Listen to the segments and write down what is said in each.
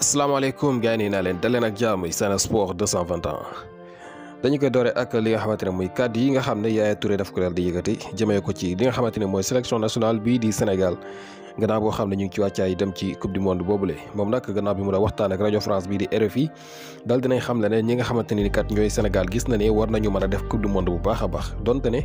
asalaamaaleykum gars yi naa leen daleen ak jàmm Sen Sport 221 dañu koy doore ak li nga xamante ne muy kàddu yi nga xam ne Yaya Touré daf ko daal di yëkkati jëmee ko ci li nga xamante ne mooy sélection nationale bii di Sénégal gannaaw boo xam ne ñu ngi ci wàccaay dem ci coupe du monde boobule moom nag gannaaw bi mu la waxtaan ak rajo France bii di RFI daal dinañ xam ne ne ñi nga xamante ni kat ñooy Sénégal gis na ne war nañu mën a def coupe du monde bu baax a baax donte ne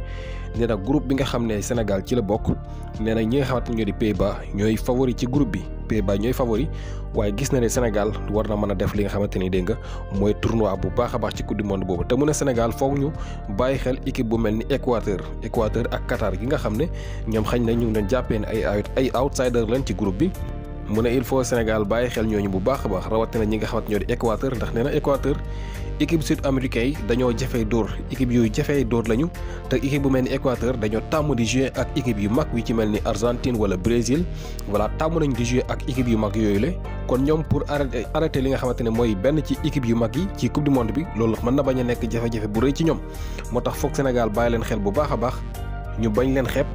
nee na groupe bi nga xam ne Sénégal ci la bokk nee na ñi nga xamante ne ñoo di ñooy favori ci groupe bi jàppee ba ñooy favori waaye gis na ne Sénégal war na mën a def li nga xamante ni dégg nga mooy tournoi bu baax a baax ci coupe du monde boobu te mu ne Sénégal foog ñu bàyyi xel équipe bu mel ni Équateur Équateur ak Qatar gi nga xam ne ñoom xañ na ñu ngi doon jàppee ne ay ay outsider lañ ci groupe bi. mu ne il faut Sénégal bàyyi xel ñooñu bu baax a baax rawatina ñi nga xamante ñoo di Équateur ndax nee na Équateur équipe sud américain yi dañoo jafee dóor équipe yooyu jafee dóor lañu te équipe bu mel ni Équateur dañoo tàmm di jouer ak équipe yu mag yu ci mel ni Argentine wala Brésil voilà tàmm nañ di jouer ak équipe yu mag yooyu le kon ñoom pour arrêter arrêter li nga xamante ne mooy benn ci équipe yu mag yi ci coupe du monde bi loolu mën na bañ a nekk jafe-jafe bu rëy ci ñoom moo tax foog Sénégal bàyyi leen xel bu baax a baax ñu bañ leen xepp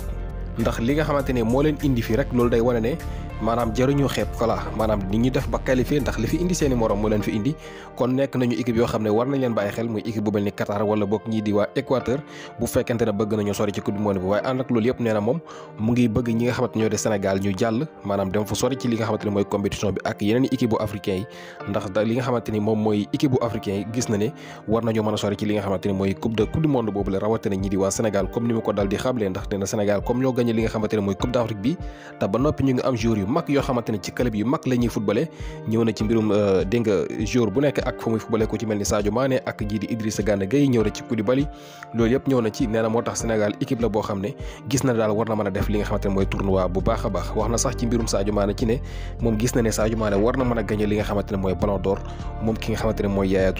ndax li nga xamante ne moo leen indi fii rek loolu day wane ne maanaam jëruñu xeeb voilà maanaam ni ñu def ba qualifié ndax li fi indi seen i morom mu leen fi indi kon nekk nañu équipe yoo xam ne war nañ leen bàyyi xel muy équipe bu mel ni Qatar wala boog ñii di waa Équateur bu fekkente ne bëgg nañu sori ci coupe du monde bi waaye ànd ak loolu yëpp nee na moom mu ngi bëgg ñi nga xamante ñoo de Sénégal ñu jàll maanaam dem fa sori ci li nga xamante ne mooy compétition bi ak yeneen équipe bu africain yi ndax li nga xamante ni moom mooy équipe bu africain yi gis na ne war nañoo mën a sori ci li nga xamante ni mooy coupe de coupe du monde boobu la rawatina ñii di waa Sénégal comme ni mu ko dal di xamle ndax nee na Sénégal comme ñoo gagné li nga xamante ne mooy coupe d'Afrique bi te ba noppi ñu ngi am jour yu mag yoo xamante ne ci club yu mag la ñuy footballé ñëw na ci mbirum euh, dégg nga jour bu nekk ak fa muy footballé ku ci mel ni Sadio maane ak jii di Idrissa Gana Gueye ñëw na ci Koulibaly loolu yëpp ñëw na ci nee moo tax Sénégal équipe la boo xam ne gis na daal war na mën a def li nga xamante ne mooy tournoi bu baax a baax wax na sax ci mbirum Sadio Mané ne moom gis na ne Sadio Mané war na mën a gagné li nga xamante ne mooy Ballon d'Or moom ki nga xamante ne mooy Yaya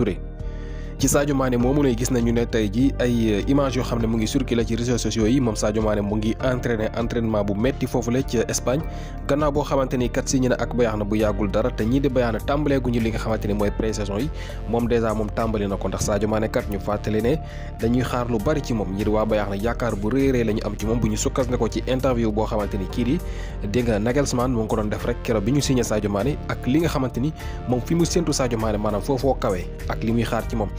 ci Sadio Mané moomu ne gis nañu ne tey ji ay euh, image yoo xam ne mu ngi circulé ci réseaux sociaux yi moom Sadio Mané mu ngi entraîné entraînement bu metti foofule ci Espagne gannaaw boo xamante ni kat signé na ak na bu yàggul dara te ñii di Bayern tàmbalee guñu li nga xamante ni mooy pré-saison yi moom dèjà moom tàmbali na ko ndax Sadio Mané kat ñu fàttali ne dañuy xaar lu bari ci moom ñii di waa Bayern yaakaar bu réeree la ñu am ci moom bu ñu sukkas na ko ci interview boo ni kii di dégg nga Nagelsmann mu ngi ko doon def rek keroog bi ñu signé Sadio Mané ak li nga xamante ni moom fi mu séntu Sadio Mané maanaam foofoo kawee ak li muy xaar ci moom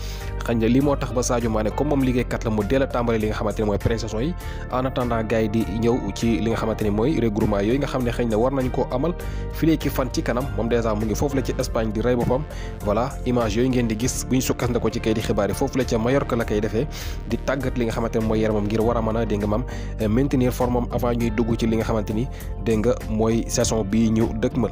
xañ na lii moo tax ba Sadio Mané comme moom liggéeykat la mu deel a tàmbali li nga xamante ne mooy prestation yi en attendant gars yi di ñëw ci li nga xamante ne mooy regroupement yooyu nga xam ne xëñ na war nañ ko amal filee ki fan ci kanam moom dèjà mu ngi foofu la ci Espagne di rey boppam voilà image yooyu ngeen di gis bu ñu sukkandikoo ci kay di xibaar yi foofu la ca Mallorca la koy defee di tàggat li nga xamante ne mooy yaramam ngir war a mën a dégg nga maam euh, maintenir formam avant ñuy dugg ci li nga xamante ni dégg nga mooy saison bii ñu dëkkmal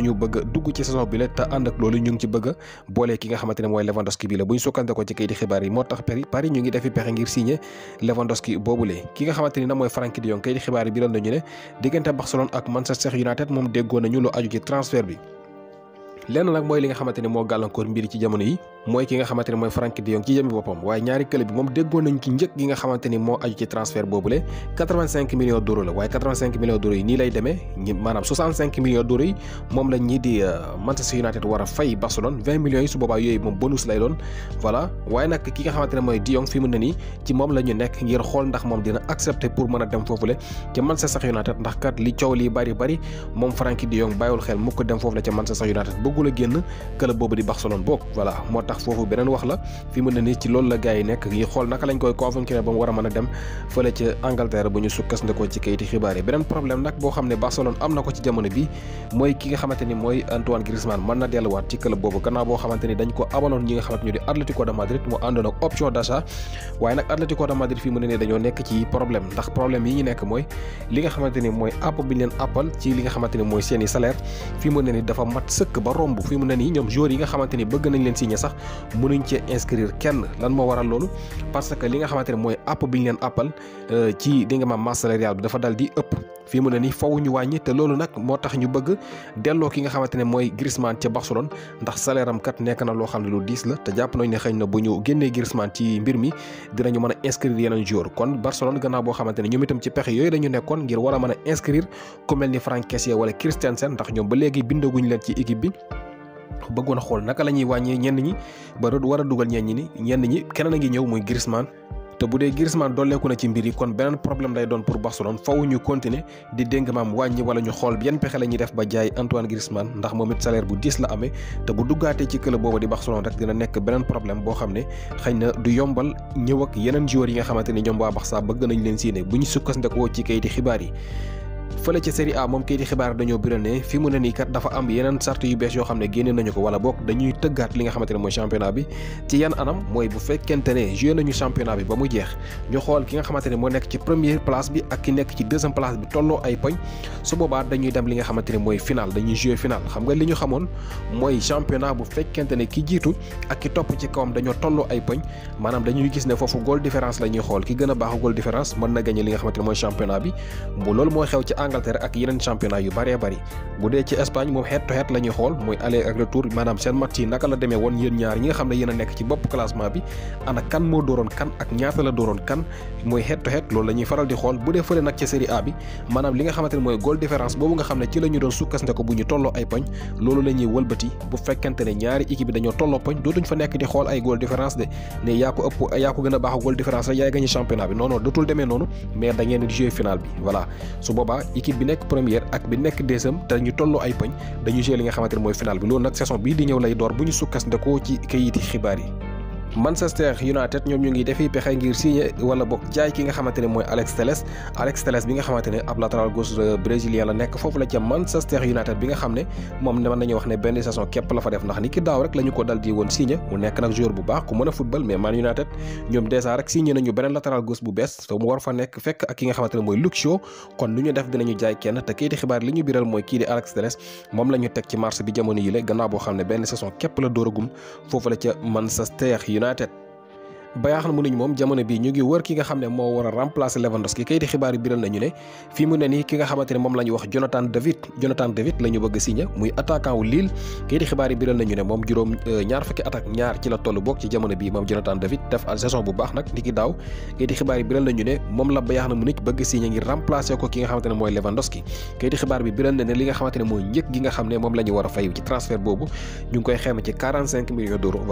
dañu bëgg a dugg ci saison bi la te ànd ak loolu ñu ci bëgg boole ki nga xamante ne mooy Lewandowski bi la bu ñu sukkandikoo ci kayiti xibaar yi moo tax Paris ñu ngi defi pexe ngir signé Lewandowski boobule ki nga xamante ni na mooy Frenkie de Jong xibaar yi biral nañu ne diggante Barcelone ak Manchester United moom déggoo nañu lu aju ci transfert bi lenn nag mooy li nga xamante ne moo gàllankoor mbir ci jamono yi mooy ki nga xamante ne mooy Frenkie de Jong ci jëmmi boppam waaye ñaari club bi moom déggoo nañ ci njëkk gi nga xamante ni moo aju ci transfert boobule 85 millions d'euros la waaye 85 millions d'euros yi nii lay demee maanaam 65 millions d'euros yi moom la ñii di euh, a fay Barcelone 20 millions yi moom bonus lay doon voilà waaye nag ki nga xamante ne mooy de moom la nekk ngir xool ndax moom dina accepter pour mën a dem foofule ca Manchester United ndax kat li coow li bari bari moom Frenkie de Jong bàyyiwul xel mukk dem foofu la ca Manchester United bëggul a génn club tax foofu beneen wax la fi mu ne ci loolu la gars yi nekk yi xool naka lañ koy convaincre ba mu war a dem fële ca Angleterre bu ñu sukkandikoo ci kayiti xibaar beneen problème nag boo xam ne Barcelone am na ko ci jamono bi mooy ki nga xamante mooy Antoine Madrid mu àndoon option d'achat waaye nag Atlético Madrid fi mu ne nii dañoo nekk ci problème ndax problème yi ñu nekk mooy li nga xamante mooy app bi ñu leen appal ci li nga xamante mooy mënuñ cee inscrire kenn lan moo waral loolu parce que li nga xamante ne mooy app bi ñu leen appal euh, ci di nga maam masse salariale bi dafa dal di ëpp fii mu ne nii fowu ñu wàññi te loolu nag moo tax ñu bëgg delloo ki nga xamante ne mooy Griezmann ca Barcelone ndax salaire am nekk na loo xam ne lu diis la te jàpp nañ ne xëy na bu ñu génnee Griezmann ci mbir mi dinañu mën a inscrire yeneen joueur kon Barcelone gannaaw boo xamante ne ñoom itam ci pexe yooyu dañu nekkoon ngir war a mën a inscrire ku mel ni Franck Kessié wala ñoom ba léegi bindaguñ leen ci équipe bi bëggoon xool naka la ñuy wàññee ñenn ñi ba doot war a dugal ñenn ñi ñenn ñi keneen a ngi ñëw muy Griezmann te bu dee Griezmann dolleeku na ci mbir yi kon beneen problème lay doon pour Barcelone faw ñu continuer di dénk maam wàññi wala ñu xool yan pexe la ñuy def ba jaay Antoine Griezmann ndax moom it salaire bu diis la amee te bu duggaatee ci club boobu di Barcelone rek dina nekk beneen problème boo xam ne xëy na du yombal ñëw ak yeneen joueurs yi nga xamante ni ñoom waa Barça bëgg nañ leen signé bu ñu sukkandikoo ci kayiti xibaar yi fële ca série A moom kii di xibaar dañoo biral ne fi mu ne nii kat dafa am yeneen sart yu bees yoo xam ne génne nañu ko wala boog dañuy tëggaat li nga xamante mooy championnat bi ci yan anam mooy bu fekkente ne joué nañu championnat bi ba mu jeex ñu xool ki nga xamante moo nekk ci première place bi ak ki xamante ne mooy final dañuy joué final xam nga li ñu xamoon mooy championnat bu fekkente ne ki jiitu ak ki topp ci kawam dañoo tolloo ay poñ maanaam dañuy gis ne foofu goal différence la xool ki gën a baax goal différence mën na gagné li nga Angleterre ak yeneen championnat yu bëree bëri bu dee ci Espagne moom xeet to xeet xool muy aller ak maanaam seen match yi naka la demee woon yéen ñaar ñi nga xam ne yéen nekk ci bopp classement bi ana kan moo dooroon kan ak ñaata la dooroon kan muy xeet to loolu la faral di xool bu dee fële nag ci Série A bi maanaam li nga xamante mooy goal différence boobu nga xam ne ci la doon sukkasnde ko bu ñu tolloo ay poñ loolu la équipe bi nekk première ak bi nekk deuxième te ñu tolloo ay poñ dañu joué li nga xamante ne mooy final bi loolu nag saison bii di ñëw lay door bu ñu sukkandekoo ci kayiti xibaar yi. Manchester United ñoom ñu ngi defi pexe ngir signé wala boog jaay ki nga xamante ne mooy Alex Telles Alex Telles bi nga xamante ab latéral gauche euh, brésilien la nekk foofu la ca Manchester United bi nga xam ne moom wax ne benn saison képp la fa def ndax ni ki daaw rek ko dal di woon signé mu nekk nag joueur bu baax ku mën a football mais Man United ñoom dèjà rek signé nañu beneen latéral gauche bu bees te mu war fa nekk fekk ak ki nga te kayiti xibaar li ñu biral mooy kii di Alex Telles moom la ñu teg ci marché bi jamono yi le United Bayern Munich moom jamono bii ñu ngi wër ki nga xam ne moo war a remplacer Lewandowski xibaar yi biral nañu ne fii mu ne nii ki nga xamante moom la ñu wax Jonathan David Jonathan David la ñu bëgg signé muy attaquant wu Lille kayiti xibaar yi biral nañu ne moom juróom euh, mooy Lewandowski kayiti xibaar bi biral na ne li nga xamante mooy njëg gi nga xam ne moom la ñu war a ci transfert boobu ñu ngi koy xayma ci 45 millions loolu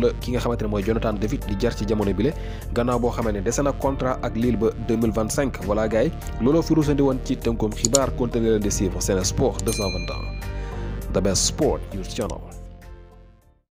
la ki nga xamante mooy Jonathan David di jar ci jamono bile gannaaw boo xamee ne dese na contrat ak Lille ba 2025 voilà gars yi looloo fi ruusandi woon ci tënkoom xibaar continuer leen di suivre Sen Sport 221 sport news channel